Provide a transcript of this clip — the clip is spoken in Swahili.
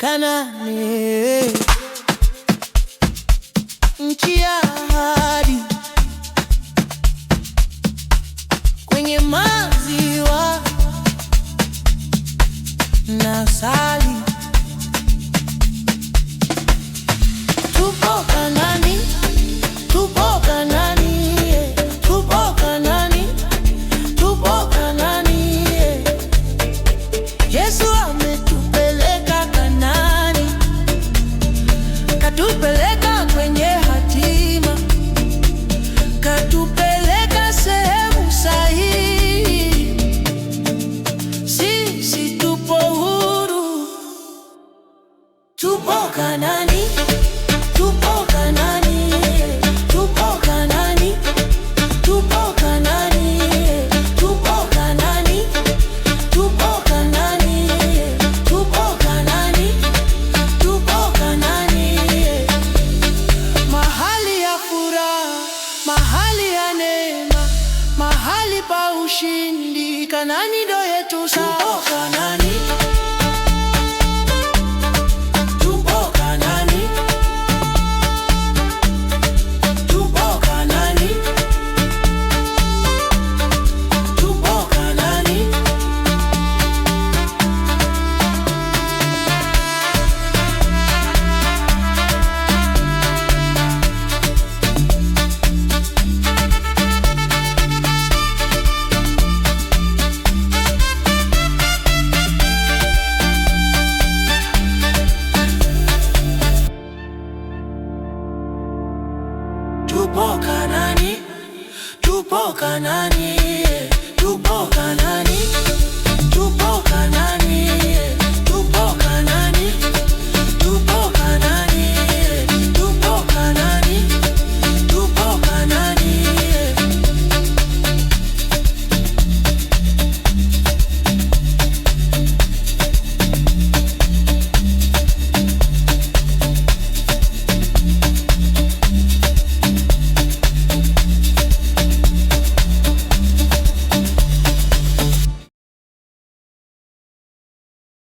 Kanaani, nchi ya ahadi, kwenye maziwa na asali. Tupo tupo Yesu katupeleka kwenye hatima, katupeleka sehemu sahihi, sisi tupo huru, tupo kana kushindikana, midomo yetu sawa tupo Kanani, tupo Kanani.